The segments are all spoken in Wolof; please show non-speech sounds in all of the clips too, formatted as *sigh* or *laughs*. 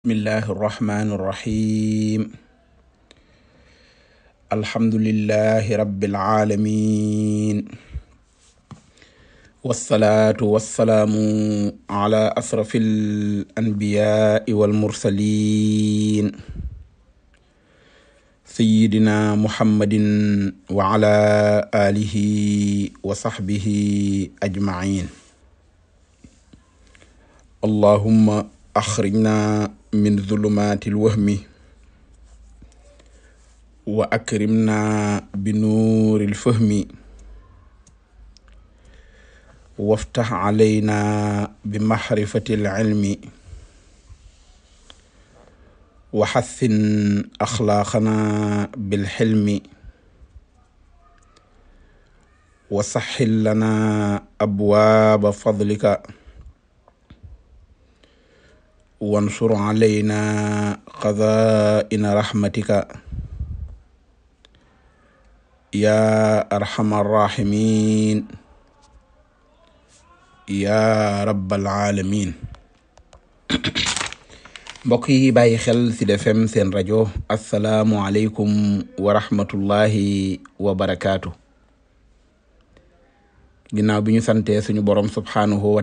bismillahi irrahmani irrahim alhamdulilahi rabiilalamin walsalaatu walsalaamu ala asrafi alanbiyaai walmursalin sayidina muhammadin wa ala alihi wa saxbihi ajmain allahumma axrijna min zulumaatil wahmi wa akrimnaa bi nuuril fahmi waftax calaynaa bi maxrifatil cilmi wa xassin axlaaqanaa bil xilmi wa saxxil lanaa abwaaba fadlika wansur alayna xazaa'ina raxmatika yaa arxama arraximin yaa rabbal alamin *coughs* mbokk yi bàyyi xel ci Sud seen rajo asalaamu aleykum wa rahmatullahi wa barakaatu ginnaaw bi ñu santee suñu borom subhaanahu wa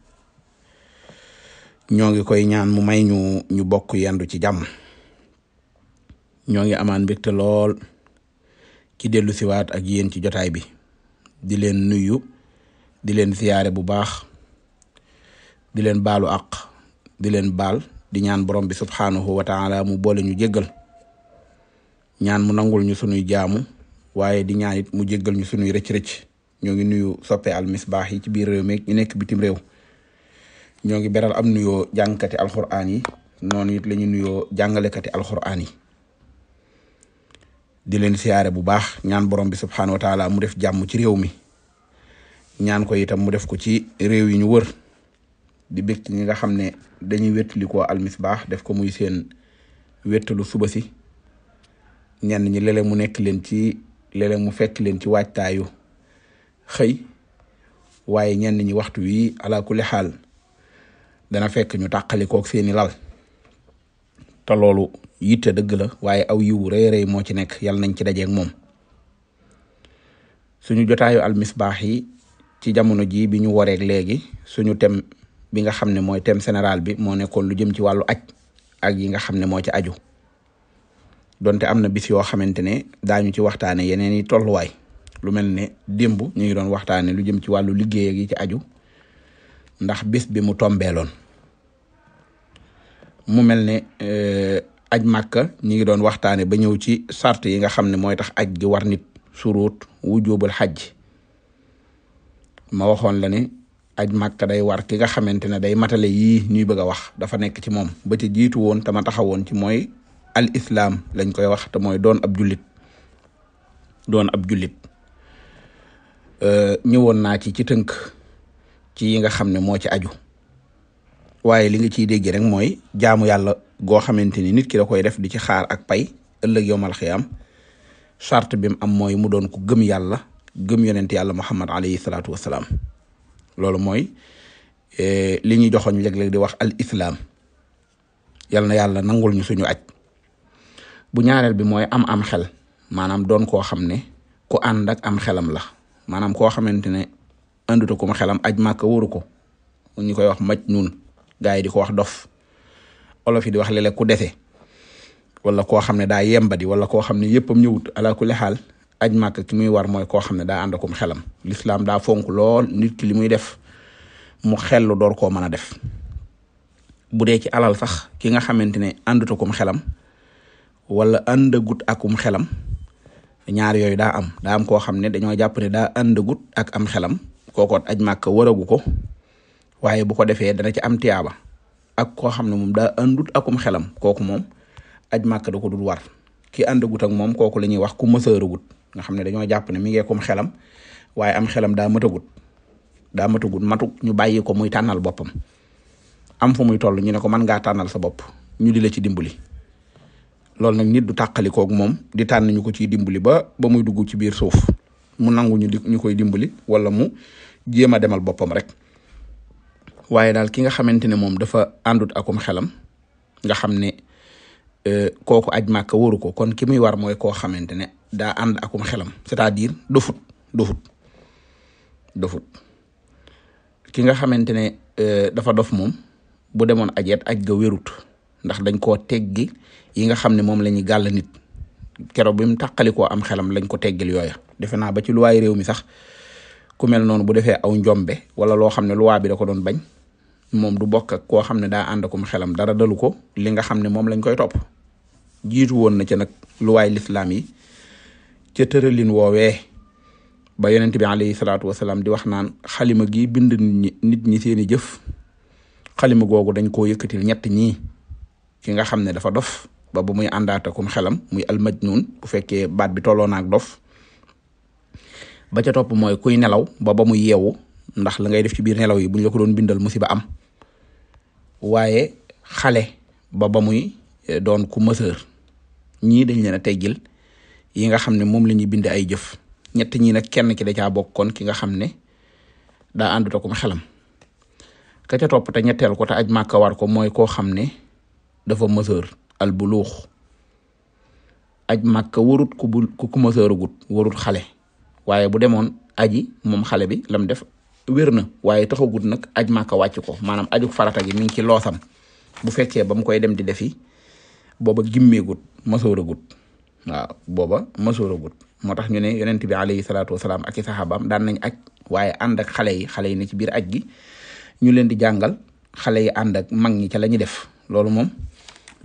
ñoo ngi koy ñaan mu may ñu ñu bokk yendu ci jàmm ñoo ngi amaan mbégte lool ci dellu siwaat ak yéen ci jotaay bi di leen nuyu di leen siyaare bu baax di leen baalu àq di leen baal di ñaan borom bi subxanahu wa taala mu boole ñu jéggal ñaan mu nangul ñu sunuy jaamu waaye di ñaan it mu jéggal ñu sunuy rëcc rëcc ñoo ngi nuyu soppe Al Misbah yi ci biir réew mi ñu nekk bitim réew. ñoo ngi beral am nuyoo jàngkati alxuraan yi noonu la ñu nuyoo jàngalekati alxuraan yi di leen siyaare bu baax ñaan borom bi subxanahu wa taala mu def jàmm ci réew mi ñaan ko itam mu def ko ci réew yi ñu wër di bég ci ñi nga xam ne dañuy wéttulikoo baax def ko muy seen wéttalu suba si ñenn ñi léeg mu nekk leen ci léeg mu fekk leen ci waajtaayu xëy waaye ñenn ñi waxtu wi ala kulli xaal. dana fekk ñu tàqali kook seeni lal te loolu yitte dëgg la waaye aw yiwu rëy rëy moo ci nekk yàlla nañ ci dajeeg moom suñu jotaayu almisbaax yi ci jamono jii bi ñu wareeg léegi suñu tem bi nga xam ne mooy thème général bi moo nekkoon lu jëm ci wàllu aj ak yi nga xam ne moo ci aju donte am na bis yoo xamante ne daañu ci waxtaane yeneen yi tolluwaay lu mel ne démb ñu ngi doon waxtaane lu jëm ci wàllu liggéey gi ci aju ndax bis bi mu tombeeloon mu mel ne euh, aj màkka ñi ngi doon waxtaane ba ñëw ci sart yi nga xam ne mooy tax aj gi war nit suruut wujubul xaj ma waxoon la ne aj màkka day war ki nga xamante ne day matale yii ñuy bëgg a wax dafa nekk ci moom ba ci jiitu woon te ma taxawoon ci mooy al islaam lañ koy wax te mooy doon ab julit doon ab jullit euh, ñëwoon naa ci ci tënk ci yi nga xam ne moo ci aju waaye li nga ciy dégg rek mooy jaamu yàlla goo xamante ni nit ki da koy def di ci xaar ak pay ëllëg yowmal xiyaam charte bi mu am mooy mu doon ku gëm yàlla gëm yonent yàlla muhammad alayhi salaatu wasalaam loolu mooy e, li ñuy joxoñ léeg-léeg di wax al islaam yal na yàlla nangul suñu aj bu ñaareel bi mooy am am xel maanaam doon koo xam ne ku ànd ak am xelam la maanaam koo xamante ne ànduta ku ma xelam aj màkka wóoru ko ñu koy wax maj nun gaa yi di ko wax dof olof yi di wax léeg-léeg ku dese wala koo xam ne daa yembadi wala koo xam ne yëppam ñëwut ala kulli xaal aj màkk ki muy war mooy koo xam ne daa ànd akum xelam lislaam daa fonk lool nit ki li muy def mu xellu door koo mën a def bu dee ci alal sax ki nga xamante ne àndut akum xelam wala ak akum xelam ñaar yooyu daa am daa am koo xam ne dañoo jàpp ne daa àndagut ak am xelam kookoot aj màkk waragu ko waaye bu ko defee dana ci am tiyaaba ak koo xam ne moom daa àndut akum xelam kooku moom aj màkk da ko dul war ki àndagut ak moom kooku la ñuy wax ku mësëragut nga xam ne dañoo jàpp ne mi ngi akum xelam waaye am xelam daa matagut daa matagut matug ñu bàyyi ko muy tànnal boppam am fu muy toll ñu ne ko mën ngaa tànnal sa bopp ñu di la ci dimbali loolu nag nit du kook moom di tànn ñu ko ciy dimbali ba ba muy dugg ci biir suuf mu nangu ñu di ñu koy dimbali wala mu jéem a demal boppam rek waaye daal ki nga xamante ne moom dafa àndut akum xelam nga xam ne euh, kooku aj màkka waru ko kon ki muy war mooy koo xamante ne daa ànd akum xelam c'est-à-dire dofut dofut dofut ki nga xamante ne euh, dafa dof moom bu demoon ajeet aj ga wérut ndax dañ koo teggi yi nga xam ne moom la ñuy gàll nit keroog bi mu tàqalikoo am xelam lañ ko teggil yooya defe naa ba ci luwaay réew mi sax ku mel noonu bu defee aw njombe wala loo xam ne luwaa bi da ko doon bañ moom du bokk ak koo xam ne daa ànd akum xelam dara dalu ko linga xam ne moom lañ koy topp jiitu woon na ca nag luwaay lislaam yi ca tëralin woowee ba yonent bi alayhi salaatu wasalaam di wax naan xalima gi bind nit ñi nit ñi seeni jëf xalima googu dañ koo yëkkatil ñett ñii ki nga xam ne dafa dof ba bu muy àndaatakum xelam muy almajnuun bu fekkee baat bi tolloo naag dof ba ca topp mooy kuy nelaw ba ba muy yeewu ndax la ngay def ci biir nelaw yi buñ la ko doon bindal musiba am waaye xale ba ba muy eh, doon ku mësër ñii dañ leen a teggil yi nga xam ne moom la ñuy ay jëf ñett ñii nag kenn ki da caa bokkoon ki nga xam ne daa àndut akum xelam ka ca topp te ñetteel ko te aj màkka war ko mooy koo xam ne dafa mësër al buluux aj màkka warut ku bu ku mësëragut warut xale waaye bu demoon aji moom xale bi lam def wér na waaye taxagut nag aj màkka wàcc ko maanaam ajuk farata gi mi ngi ci loosam bu fekkee ba mu koy dem di defi booba gimmeegut masooragut waaw booba masooragut moo tax ñu ne yonent bi alayhi salaatu wasalaam ak i saxaabaam daan nañ aj waaye ànd ak xale yi xale yi ne ci biir aj gi ñu leen di jàngal xale yi ànd ak mag ñi ca la ñuy def loolu moom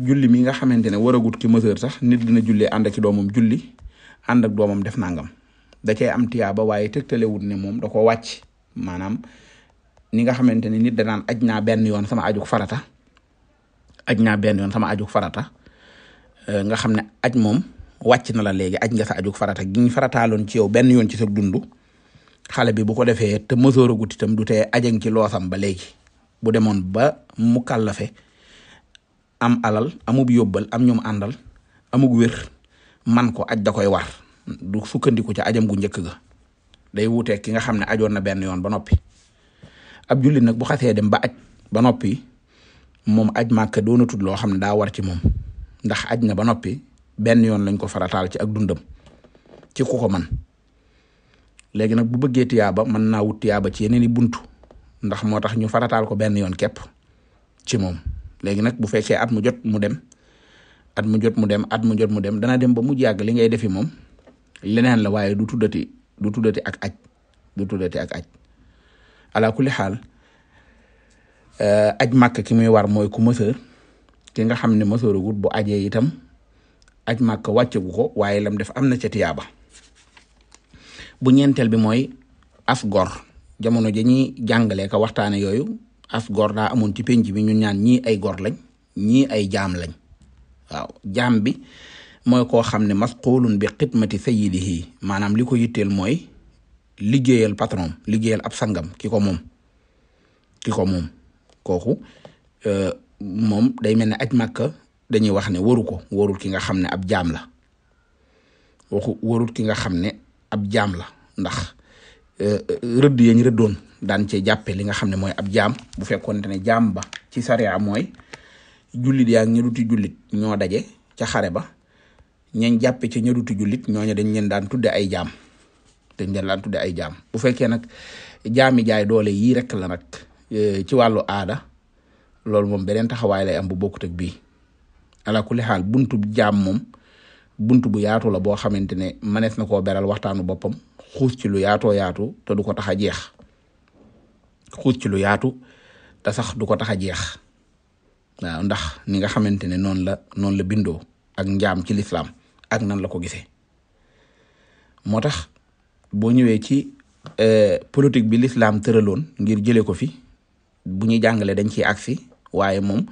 julli mi nga xamante ne waragut ki mesure sax nit dina jullee ànd ak ci doomam julli ànd doomam def nangam da cay am tiyaaba waaye tegtalewut ne moom da ko wàcc maanaam ni nga xamante ni nit danaan aj naa benn yoon sama ajug farata aj naa benn yoon sama ajug farata euh, nga xam ne aj moom wàcc na la léegi aj nga sa ajug farata gi ñu farataaloon ci yow benn yoon ci sa dund xale bi bu ko defee te mësoor agut itam du te ajan ci loosam ba léegi bu demoon ba mu kàllafe am alal amub yóbbal am ñum àndal amug wér man ko aj da koy war du sukkandiku ca ajam gu njëkk ga day wuuteeg ki nga xam ne ajoon na benn yoon ba noppi ab jullit nag bu xasee dem ba aj ba noppi moom aj màkka doonatul loo xam ne daa war ci moom ndax aj na ba noppi benn yoon lañ ko farataal ci ak dundam ci man léegi nag bu bëggee tiyaaba mën naa wut tiyaaba ci yeneen i buntu ndax moo tax ñu farataal ko benn yoon képp ci moom léegi nag bu fekkee at mu jot mu dem at mu jot mu dem at mu jot mu dem dana dem ba mu yàgg li ngay defi moom leneen la waaye du tuddati du tuddati ak aj du tuddati ak aj ala kulli xaal eh, aj màkk ki muy war mooy ku mësër ki nga xam ne mësëragut bu ajee itam aj màkk wàccagu ko waaye lam def am na ca bu ñenteel bi mooy as gor jamono ja ñuy jàngalee ka waxtaane yooyu as gor daa amoon ci penc bi ñun ñaan ñii ay gor lañ ñii ay jaam lañ waaw jaam bi mooy koo xam ne masquulun bi xidmati sayyidihi maanaam li ko yitteel mooy liggéeyal patron liggéeyal ab sangam ki ko moom ki ko moom kooku euh, moom day mel ne aj màkka dañuy wax ne waru ko warul ki nga xam ne ab jaam la waxu warul ki nga xam ne ab jaam la ndax euh, rëdd yañ rëddoon daan cee jàppe li nga xam ne mooy ab jaam bu fekkoonte ne jaam ba ci sariya mooy jullit yaa ngi ñu duti jullit ñoo daje ca xare ba ñañ jàppe ca ñadutu jullit ñooñu dañ leen daan tudde ay jaam dañ leen daan tudde ay jaam bu fekkee nag jaami jaay doole yii rek la nag e, ci wàllu aada loolu moom beneen taxawaay lay am bu bokkut ak bii ala kulli xaal buntu jaam moom buntu bu yaatu la boo xamante ne mënees na koo beral waxtaanu boppam xuus ci lu yaatoo yaatu te du ko tax a jeex xuus ci lu yaatu te sax du ko tax a jeex waaw ndax ni nga xamante ne noonu la noonu la bindoo ak njaam ci lislaam ak nan la ko gisee moo tax boo ñëwee ci euh, politique bi l'islam tëraloon ngir jëlee ko fi bu ñuy jàngalee dañ ciy fi waaye moom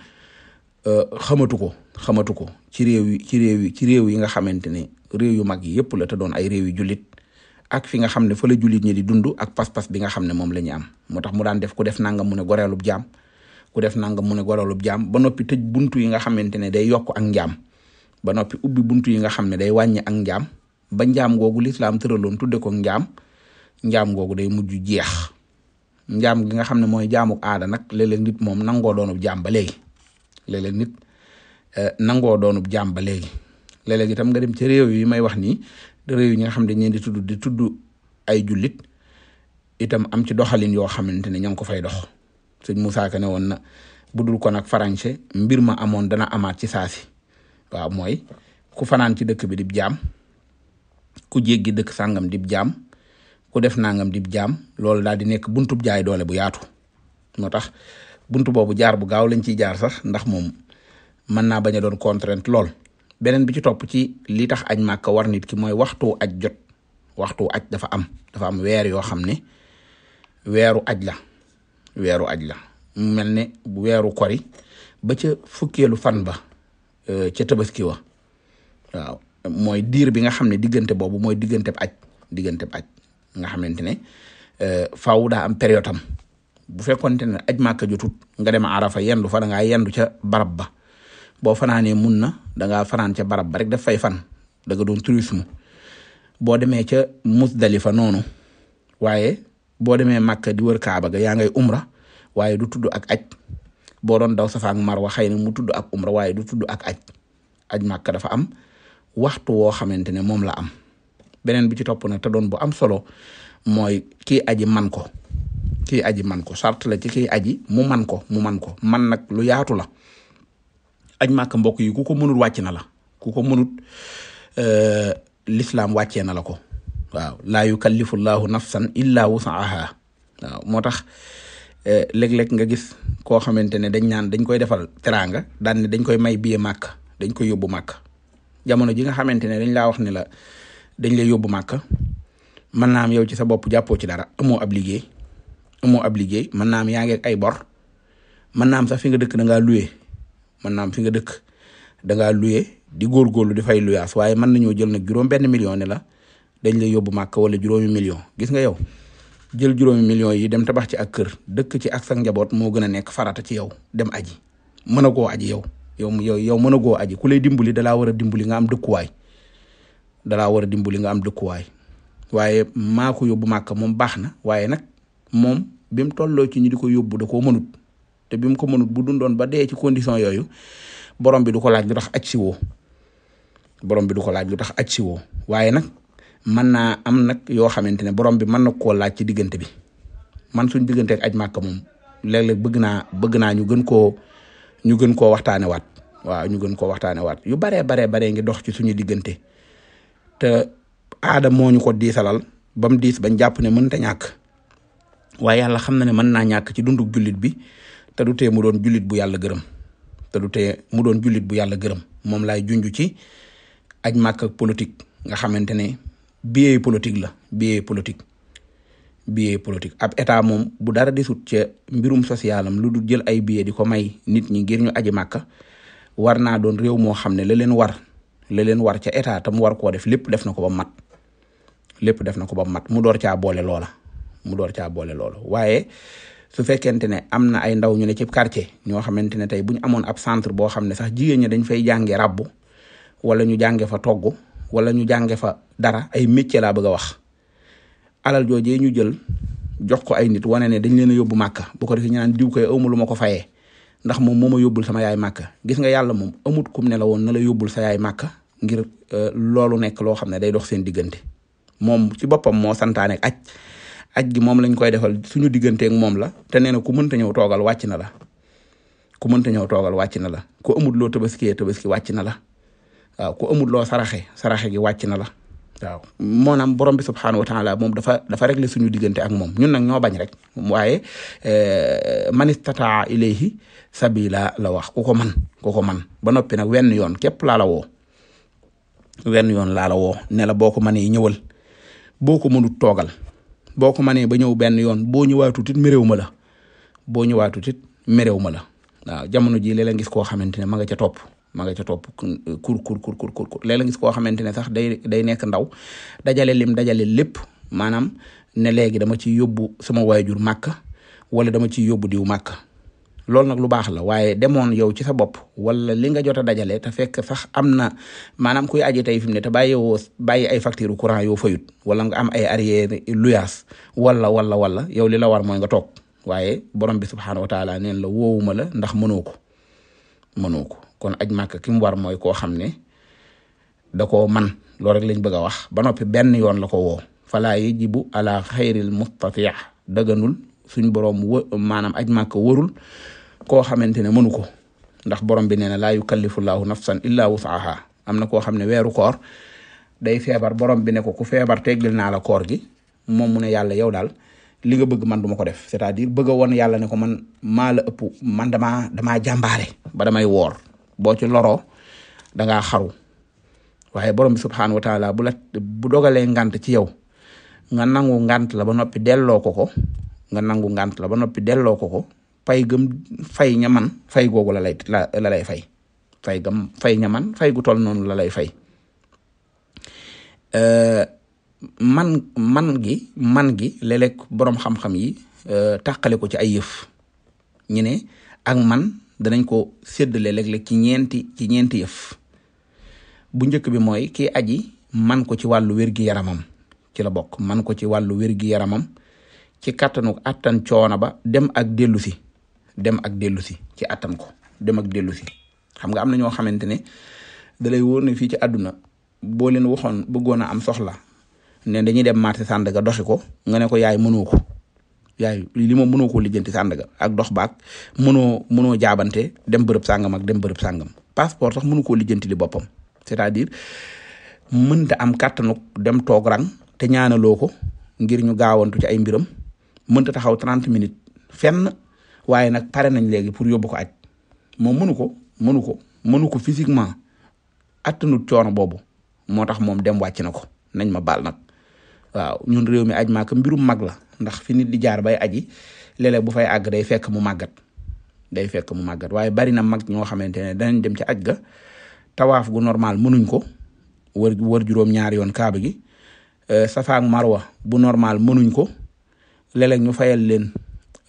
euh, xamatu ko xamatu ko ci réew yi ci réew ci réew yi nga xamante ne réew yu mag yi yëpp la te doon ay réew yu jullit ak fi nga xam ne fa la jullit ñi di dund ak pas-pas bi nga xam ne moom la ñu am moo tax mu daan def ku def nangam mu ne goreelub jaam ku def nangam mu ne goreelub jaam ba noppi tëj buntu yi nga xamante ne day yokk ak njaam ba noppi ubbi buntu yi nga xam ne day wàññi ak njaam ba njaam googu lislaam tëraloon tudde ko njaam njaam googu day mujj jeex njaam gi nga xam ne mooy jaamuk aada nag léeg nit moom nangoo doonub jaam ba léegi léeg-léeg nit eh, nangoo doonub jaam léegi léeg-léeg itam nga dem ci réew yi may wax nii réew yi nga xam ne ñeen di tudd di tudd ay jullit itam am ci doxalin yoo xamante ne ña ngi ko fay dox sëñ Moussa Ka ne woon na budul ko nag français mbir ma amoon dana amaat ci saasi waaw mooy ku fanaan ci dëkk bi dib jaam ku jéggi dëkk sàngam dib jaam ku def nangam dib jaam loolu daal di nekk buntub jaay doole bu yaatu moo tax buntu boobu jaar bu gaaw lañ ciy jaar sax ndax moom mën naa bañ a doon contrainte lool beneen bi ci topp ci li tax aj màkka war nit ki mooy waxtu aj jot waxtu aj dafa am dafa am weer yoo xam ne weeru aj la weeru aj la mu mel ne bu weeru kori ba ca fukkeelu fan ba Euh, ca tabaski wa waaw mooy diir bi nga xam ne diggante boobu mooy diggante bi aj diggante bi aj nga xamante ne euh, faaw daa am période am bu fekkonte ne aj màkka jotut nga dem arafa yendu fa da yendu ca barab ba boo fanaanee mun na danga ngaa fanaan ca barab ba rek daf fay fan da nga tourisme boo demee ca musdalifa noonu waaye boo demee màkka di wër kaaba ga yaa ngay umra waaye du tudd ak aj boo doon daw safa ak marwa xay na mu tudd ak umra waaye du tudd ak aj aj màkk dafa am waxtu woo xamante ne moom la am beneen bi ci topp na te doon bu am solo mooy kii aji man ko kii aji manko ko sart la ci kii aji mu man ko mu man ko man nag lu yaatu la aj màkk mbokk yi ku ko mënut wàcc na la ku ko mënut euh, lislaam wàccee na la ko waaw nafsan illa wusaaha waaw moo tax Euh, léeg-léeg nga gis koo xamante ne dañ naan dañ koy defal teraanga daan ne dañ koy may billet màkk dañ koy yóbbu màkk jamono ji nga xamante ne dañ laa wax ne la dañ lay yóbbu màkk mën naa am yow ci sa bopp jàppoo ci dara amoo ab liggéey amoo ab liggéey mën naa am yaa ngi ay bor mën naa am sax fi nga dëkk da ngaa loué mën naa fi nga dëkk da ngaa di góorgóorlu di fay luyaas waaye mën nañoo jël nag juróom benn million la dañ lay yóbbu màkk wala juróomi million gis nga yow. jël juróomi millions yi dem tabax ci ak kër dëkk ci ak sa njaboot moo gën a nekk farata ci yow dem aji mën a goo aji yow yow yow yow mën aji ku lay dimbali dalaa war a dimbali nga am dëkkuwaay dalaa war a dimbali nga am dëkkuwaay waaye maako ko yóbbu màkk moom baax na waaye nag moom bi tolloo ci ñu di ko yóbbu da koo mënut te bi mu ko mënut bu dundoon ba dee ci condition yooyu borom bi du ko laaj lu tax aj si woo borom bi du ko laaj lu tax aj si woo waaye nag man naa am nag yoo xamante ne borom bi mën na koo laaj ci diggante bi man suñ diggante ak aj màkka moom léeg-léeg bëgg naa bëgg naa ñu gën koo ñu gën koo waxtaane waat waaw ñu gën koo waxtaane yu baree baree baree ngi dox ci suñu diggante te aada moo ñu ko diisalal bam diis bañ jàpp ne mën mënta ñàkk waaye yàlla xam na ne mën naa ñàkk ci dundu jullit bi te du tee mu doon jullit bu yàlla gërëm te du tee mu doon jullit bu yàlla gërëm moom laay junj ci aj màkk ak nga xamante ne biais politique la biais politique biais politique ab état moom bu dara desut ca mbirum socialam lu du jël ay biais di ko may nit ñi ngir ñu aji màkka war naa doon réew moo xam ne la leen war la leen war ca état tam war koo def lépp def na ko ba mat lépp def na ko ba mat mu door caa boole loola mu door caa boole loola waaye su fekkente ne am na ay ndaw ñu ne ci quartier ñoo xamante ne tey bu ñu amoon ab centre boo xam ne sax jigéen ñi dañ fay jànge rabbu wala ñu jànge fa togg wala ñu jànge fa dara ay métier la bëgg a wax alal joojee ñu jël jox ko ay nit wane ne dañ leen a yóbbu màkka bu ko defee ñu naan diw koy amu lu ma ko fayee ndax moom moo ma yóbbul sama yaay màkka gis nga yàlla moom amut kum ne la woon na la yóbbul sa yaay màkka ngir euh, loolu nekk loo xam ne day dox seen diggante moom ci boppam moo santaane aj aj gi moom lañ koy defal suñu digganteeg moom la te nee na ku mënta ñëw toogal wàcc na la ku mënta ñëw toogal wàcc na la ku amut loo tabaskiyee tabaski wàcc na la waaw ku amul loo saraxe saraxe gi wàcc na la waaw moonaam borom bi subxanahu wa taala moom dafa dafa régler suñu diggante ak moom ñun na ñoo bañ rek waaye eh, man istataa ilayhi sabila la wax ku ko man ku ko man ba noppi nag wenn yoon képp laa la woo wenn yoon laa la woo ne la boo ko mënee ñëwal boo ko mënut toogal boo ko mënee ba ñëw benn yoon boo ñëwaatut it méréw ma la boo ñëwaatut it méréw ma la waaw jamono jii léeg-léeg ngis koo xamante ne ma nga ca topp ma nga ca topp kur kur kur kur kur léeg la gis koo xamante ne sax day day nekk ndaw dajale lim dajale lépp maanaam ne léegi dama ci yóbbu sama waajur màkk wala dama ci yóbbu diw màkk loolu nag lu baax la waaye demoon yow ci sa bopp wala li nga jot dajale ta fekk sax am na maanaam kuy aji tey fi mu ne te bàyyi woo bàyyi ay facture courant yoo fayut wala nga am ay arrière luyaas wala wala wala yow li la war mooy nga toog waaye borom bi subxanahu wa taala neen la woowuma la ndax mënoo ko mënoo ko. kon aj màkk ki mu war mooy koo xam ne da koo man loolu rek lañ bëgg a wax ba noppi benn yoon la ko woo falaa yajibu ala xayril mustati daganul suñ borom maanaam aj màkk warul koo xamante ne mënu ko ndax borom bi nee na laa yukallifu laahu nafsan illaa wusaaha am na koo xam ne weeru koor day feebar borom bi ne ko ku feebar teggil naa la koor gi moom mu ne yàlla yow daal li nga bëgg man duma ko def c'est-à-dire bëgg a woon yàlla ne ko man maala ëpp man damaa damaa jàmbaare ba damay woor boo ci loroo danga ngaa xaru waaye borom bi subxanahu wa bu la bu dogalee ngant ci yow nga nangu ngant la ba noppi delloo ko ko nga nangu ngant la ba noppi delloo ko ko fay gëm fay ña man fay la lay fay fay gëm fay ña man fay gu toll noonu la lay fay. man man gi man gi léeg-léeg borom xam-xam yi tàqale ko ci ay yëf ñu ne ak man. danañ ko séddale léeg-léeg ci ñeenti ci ñeenti yëf bu njëkk bi mooy kii aji man ko ci wàllu wér yaramam ci la bokk man ko ci wàllu wér-gi-yaramam ci kattanu attan coona ba dem ak dellu si dem ak dellu si ci attan ko dem ak dellu si xam nga am na ñoo xamante ne da lay wóor fii ci àdduna boo leen waxoon bëggoon a am soxla ne dañuy dem marché Sandaga doxi ko nga ne ko yaay mënoo ko yaay li moom mënoo koo lijjanti Sandaga ak dox baak mënoo mënoo jaabante dem bërëb sàngam ak dem bërëb sàngam passeport sax mënu koo lijjanti li boppam c'est-à-dire mënta am kattanu dem toog rang te ñaanaloo ko ngir ñu gaawantu ci ay mbiram mënta taxaw 30 minutes fenn waaye nag pare nañ léegi pour yóbbu ko aj moom mënu ko mënu ko mënu ko physiquement attanut coono boobu moo tax moom dem wàcc na ko nañ ma baal na waaw ñun réew mi aj maaka mbirum mag la ndax fi nit di jaar bay aji léeg-léeg bu fay àgg day fekk mu màggat day fekk mu màggat waaye bari na mag ñoo xamante ne danañ dem ca aj ga tawaaf gu normal mënuñ ko wër wër juróom yoon kaaba gi euh, safa ak marwa bu normal mënuñ ko léeg ñu fayal leen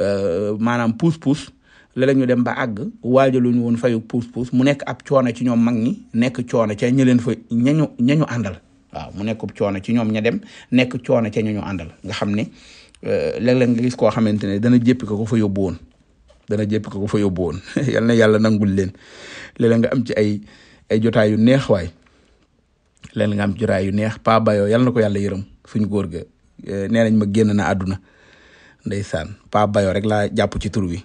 euh, maanaam puus-puus léeg ñu dem ba àgg waajaluñ woon fayu puus-puus mu nekk ab coono ci ñoom mag ñi nekk coono ca ña leen fa ñañu ñañu àndal waaw mu nekkub coono ci ñoom ña dem nekk coono ca ñu ñu àndal nga xam ne euh, léeg-léeg nga gis koo xamante ne dana jéppi ko ko fa yóbbu woon dana jéppi ko ko fa yóbbu woon *laughs* yal na yàlla nangul leen léeg nga am ci ay ay jotaay yu neex waay léeg-léeg nga am ci yu neex paa bayoo yal na ko yàlla yërëm suñ góor ga euh, nee nañ ma génn na àdduna ndeysaan pa bayoo rek laa jàpp ci tur wi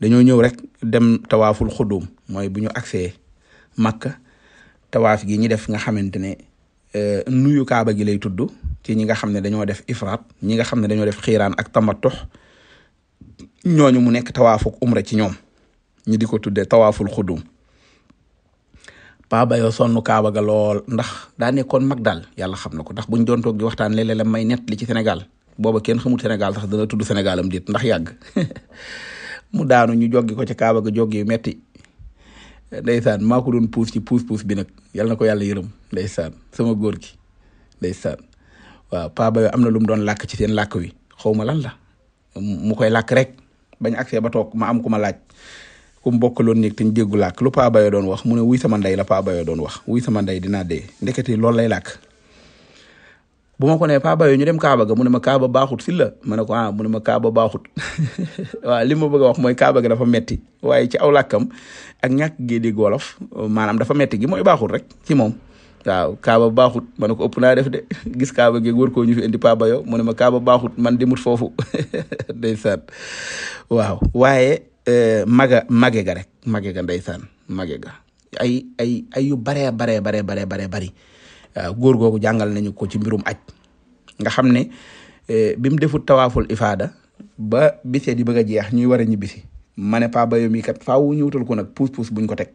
dañoo ñëw rek dem tawaaful xudum mooy bu ñu agsee Makka tawaaf gi ñi def nga xamante ne euh, nuyu kaaba gi lay tudd ci ñi nga xam ne dañoo def ifraat ñi nga xam ne dañoo def xiiraan ak tamatux ñooñu mu nekk tawaafuk umra ci ñoom ñi di ko tuddee tawaaful xudum paba yoo sonn kaaba ga lool ndax daa nekkoon mag daal yàlla xam na ko ndax buñ doon toog di waxtaan léeg-léeg la may nett li ci senegal booba kenn xamul Sénégal sax dana tudd Sénégal am déet ndax yàgg *laughs* mu daanu ñu joggi ko ci kaaba ga joggi yu metti ndeysaan maa ko doon puus ci puus puus bi nag yàlla na ko yàlla yërëm ndeysaan sama góor gi ndeysaan waaw paaba Bayo am na lu mu doon lakk ci seen lakk wi xaw ma lan la mu koy lakk rek bañ agsee ba toog ma am ku ma laaj ku mu loon nekk te ñu déggu làkk lu Paa Bayo doon wax mu ne wuy sama ndey la Paa Bayo doon wax wuy sama ndey dinaa dee ndekete loolu lay làkk. bu ma ko nee Paa ñu dem Kaaba ga mu ne ma Kaaba baaxut fi la ma ne ko ah mu ma Kaaba baaxut *laughs* waaw li ma bëgg a wax mooy Kaaba ga dafa metti waaye ci aw làkkam ak ñàkk gi di maanaam dafa metti gi mooy baaxut rek ci moom. waaw Kaaba baaxut ma ne ko ëpp naa def de *laughs* gis Kaaba gi wër koo ñu fi indi Paa Bayo mu ne ma Kaaba baaxut man demut foofu *laughs* ndeysaan waaw waaye uh, maga mage ga rek mage ga ndeysaan mage ga ay ay ay yu baree baree baree baree baree bari. Euh, góor googu jàngal nañu ko ci mbirum aj nga xam ne euh, bi mu defut tawaaful ifaada ba bisee di bëgg jeex ñuy war a ñibbisi ma ne pa ba yow mii kat faaw ñu wutal ko nag puus puus buñ ko teg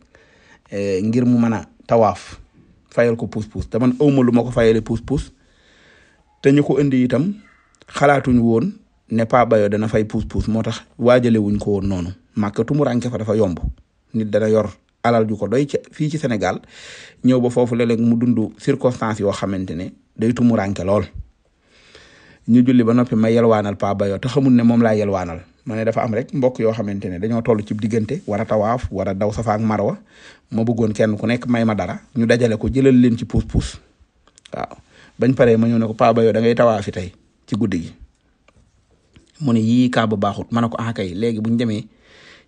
euh, ngir mu mën a tawaaf fayal ko puus puus te man awma lu ma ko fayalee puus puus te ñu ko indi itam xalaatuñ woon ne pa bayo dana fay puus puus moo tax waajale wuñ ko woon noonu màkk tumuraanke fa dafa yomb nit dana yor alal ju ko doy ci fii ci senegal ñëw ba foofu léeg-léeg mu dund circonstance yoo xamante ne day tumuranke lool ñu julli ba noppi ma yelwaanal pa bayoo te xamul ne moom laa yelwaanal ma ne dafa am rek mbokk yoo xamante ne dañoo toll ci diggante war a tawaaf war a daw safa ak marwa ma bëggoon kenn ku nekk may ma dara ñu dajale ko jëlal leen ci puus puus waaw bañ pare ma ñëw ne ko pa bayoo da ngay tawaafi tey ci guddi gi mu ne yii kaa baaxut ma ko ah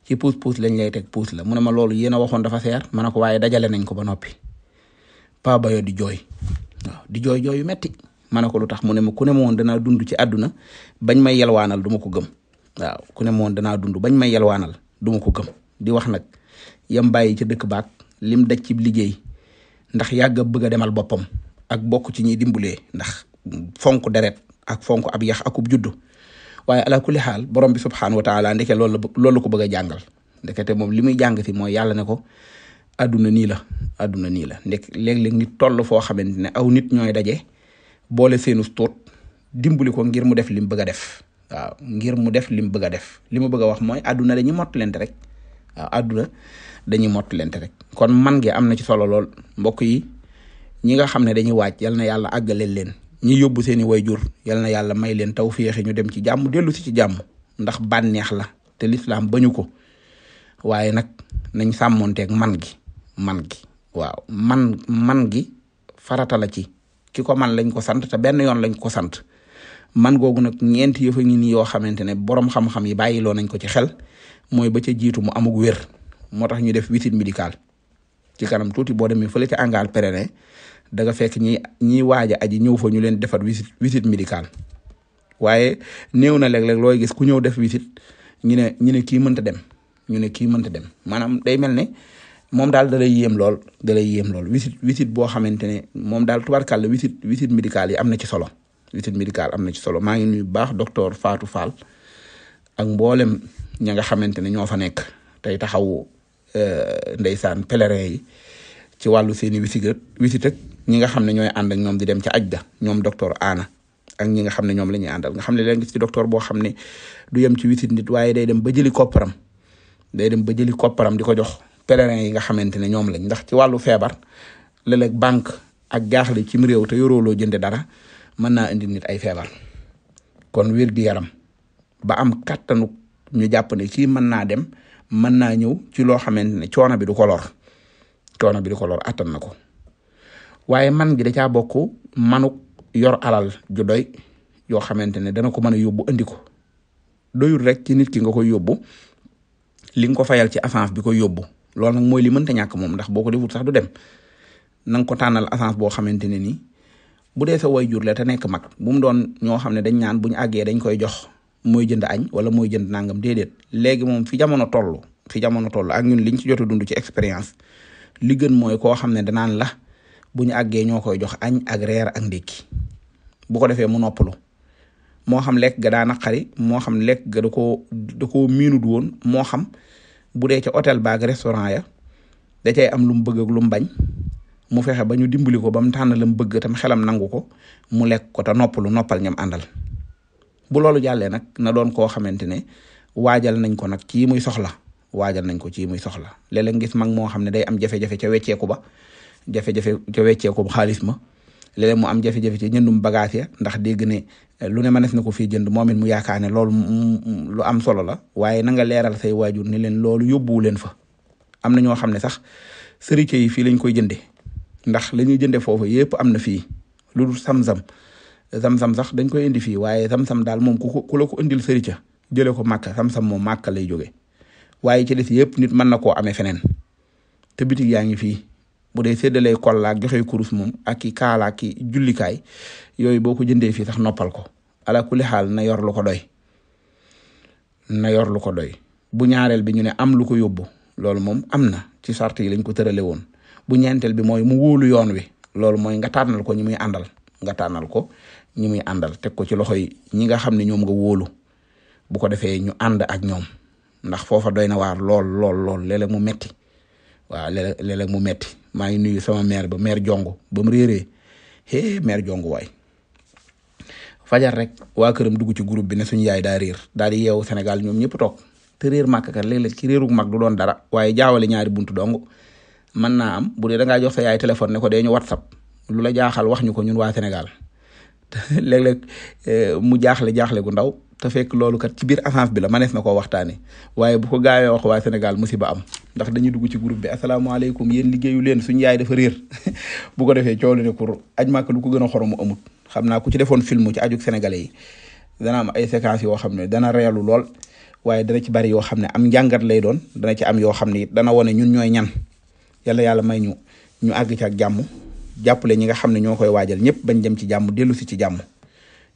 ki puus puus lañ lay teg puus la mu ne ma loolu yéen a waxoon dafa seer ma waaye dajale nañ ko ba noppi paa ba bayo di jooy waaw di jooy jooy yu metti ma ne ko lu tax mu ne ma ku ne ma woon danaa dund ci àdduna bañ may yalwaanal du ma ko gëm waaw ku ne ma danaa dund bañ may yalwaanal du gëm di wax nag yam bàyyi ca dëkk baak lim daj ci liggéey ndax yàgg a bëgg a demal boppam ak bokk ci ñiy dimbulee ndax fonk deret ak fonk ab yax akub juddu waaye ala kulli xaal borom bi subxanahu wa taala ndeke loolu la loolu ko bëgg a jàngal ndekete moom li muy jàng si mooy yàlla ne ko àdduna nii la àdduna nii la ndek léeg nit toll foo xamante ne aw nit ñooy daje boole seenu tuut dimbali ko ngir mu def li mu bëgg a def waaw ngir mu def li mu bëgg a def li mu bëgg a wax mooy àdduna dañuy mottalante rek waaw àdduna dañuy mottalante rek kon man gi am na ci solo lool mbokk yi ñi nga xam ne dañuy waaj yal na yàlla àggale leen. ñi yóbbu seeni wayjur yal na yàlla may leen taw tawféex ñu dem ci jàmm dellu si ci jàmm ndax bànneex la te lislaam bañu ko waaye nag nañ sàmmonteeg man gi man gi waaw man man gi farata ci ki ko man lañ ko sant ta benn yoon lañ ko sant man googu nag ñeenti yëfa ngi nii yoo xamante ne borom xam-xam yi bàyyiloo nañ ko ci xel mooy ba ca jiitu mu amug wér moo tax ñu def visite médicale ci kanam tuuti boo demee fële ci Angal Péréné da nga fekk ñi waaja aji ñëw foo ñu leen defar visite visite médicale waaye néew na leeg léeg looy gis ku ñëw def visite ñu ne ñu ne kii mënta dem ñu ne kii mënta dem maanaam day mel ne moom daal da lay yéem lool da lay yéem lool visite visite boo xamante ne moom daal tubarkàlla visite visite médicale yi am na ci solo visite médicale am na ci solo maa ngi nuyu baax docteur Fatou Fall ak mboolem ña nga xamante ne ñoo fa nekk tey taxaw euh, ndeysaan pèlerin yi ci wàllu seeni wisit wisit ñi nga xam ne ñooy ànd ak ñoom di dem ca aj ga ñoom docteur Anna ak ñi nga xam ne ñoom la ñuy àndal nga xam ne léegi si docteur boo xam ne du yem ci wisit nit waaye day dem ba jëli kopparam day dem ba jëli kopparam di ko jox pèlerin yi nga xamante ne ñoom lañ ndax ci wàllu feebar léeg-léeg banque ak jaaxle cim réew te yorooloo jënde dara mën naa indi nit ay feebar kon wér gi yaram ba am kattanu ñu jàpp ne ci mën naa dem mën naa ñëw ci loo xamante ne coono bi du ko lor coono bi du ko attan na ko. waaye man gi da caa bokk manuk yor alal ju doy yoo xamante ne dana ko mën a yóbbu andi ko doyul rek ci nit ki nga koy yóbbu li nga ko fayal ci avance bi koy yóbbu loolu nag mooy li mënta ñàkk moom ndax boo ko defut sax du dem na ko tànnal avance boo xamante ne nii bu dee sa way jur la te nekk mag bu mu doon ñoo xam ne dañ ñaan bu ñu àggee dañ koy jox mooy jënd añ wala mooy jënd nangam déedéet léegi moom fi jamono toll fi jamono toll ak ñun liñ ci jot a dund ci expérience li gën mooy koo xam ne danaan la. bu ñu àggee ñoo koy jox añ ak reer ak ndékki bu ko defee mu noppalu moo xam lekk ga daa naqari moo xam lekk ga da koo da koo miinut woon moo xam bu dee ca hôtel ba ak restaurant ya da cay am lu mu bëgg lu mu bañ mu fexe ba ñu dimbali ko ba mu tànn la mu bëgg tam xelam nangu ko mu lekk ko ta noppalu noppal ñam àndal bu loolu jàllee nag na doon koo xamante ne waajal nañ ko nag ci muy soxla waajal nañ ko ci muy soxla léeg ngis mag moo xam ne day am jafe-jafe ca wecceeku ba jafe-jafe ca wecceeku xaalis ma léeg mu am jafe-jafe ci jëndum ndax dégg ne eh, lu ne mënees na ko fii jënd moom it mu yaakaar ne loolu lu am solo la waaye na nga leeral say waajur ne leen loolu yóbbuwu leen fa am na ñoo xam ne sax sërite yi fii lañ koy jëndee ndax la ñuy jëndee foofu yëpp am na fii lu dul sam-sam sam-sam sax dañ koy indi fii waaye sam-sam daal moom ku ko ku la ko indil sërite jëlee ko màkk sam-sam moom màkk lay jóge waaye ci des yëpp nit mën na koo amee feneen te bitig yaa ngi fii bu dee séddalee kolla ak kurus moom ak i kaala ki i jullikaay yooyu boo ko jëndee fii sax noppal ko ala kulli xaal na yor lu ko doy na yor lu ko doy bu ñaareel bi ñu ne am lu ko yóbbu loolu moom am na ci sarti yi lañ ko tërale woon bu ñeenteel bi mooy mu wóolu yoon wi loolu mooy nga tànnal ko ñi muy àndal nga tànnal ko ñi muy àndal teg ko ci loxo yi ñi nga xam ne ñoom nga wóolu bu ko defee ñu ànd ak ñoom ndax foofa doy na waar lool lool lool mu metti waaw léeg mu metti maa ngi nuyu sama mère ba mère jongu ba mu réeree hé mère jongo fajar rek waa këram dugg ci groupe bi ne suñu yaay daa réer daal di yeewu Sénégal ñoom ñëpp toog te réer màkk kat léeg-léeg ci réeru mag du doon dara waaye jaawale ñaari buntu dong mën naa am bu dee da jox sa yaay téléphone ne ko dee ñu whatsapp lu la jaaxal wax ñu ko ñun waa senegal *laughs* léeg-léeg eh, mu jaaxle jaaxle gu ndaw te fekk loolu kat ci biir avance bi la manees na ko waxtaanee waaye bu ko gaawee wax waa Sénégal musiba am ndax dañuy dugg ci groupe bi asalaamaaleykum yéen liggéeyu leen suñu yaay dafa réer *laughs* bu ko defee coow lu ne pour aj màkk lu ko gën a xoromu amut xam naa ku ci defoon film ci ajug sénégalais dana am ay séquences yoo xam ne dana reelu lool waaye dana ci bari yoo xam ne am njàngat lay doon dana ci am yoo xam ne it dana wane ñun ñooy ñan yàlla yàlla may ñu ñu àgg ci ak jàmm jàppale ñi nga xam ne ñoo koy waajal ñëpp bañ dem ci jàmm dellu si ci jàmm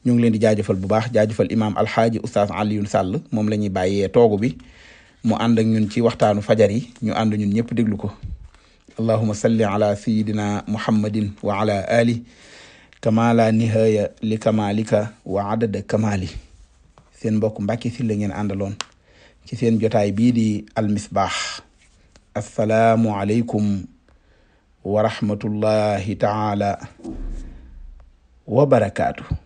ñu ngi leen di jaajëfal bu baax jaajëfal imaam alxaaji oustaz Alioune Sall moom la ñuy bàyyee toogu bi mu ànd ak ñun ci waxtaanu fajar yi ñu ànd ñun ñëpp déglu ko allahuma salli ala sayidina muhammadin wa ala ali kama la nihaya li kamalika wa adada kamali seen mbokk Mbàkke Sylla ngeen àndaloon ci seen jotaay bii di almisbaax assalaamu aleykum wa rahmatullahi taala wa barakaatu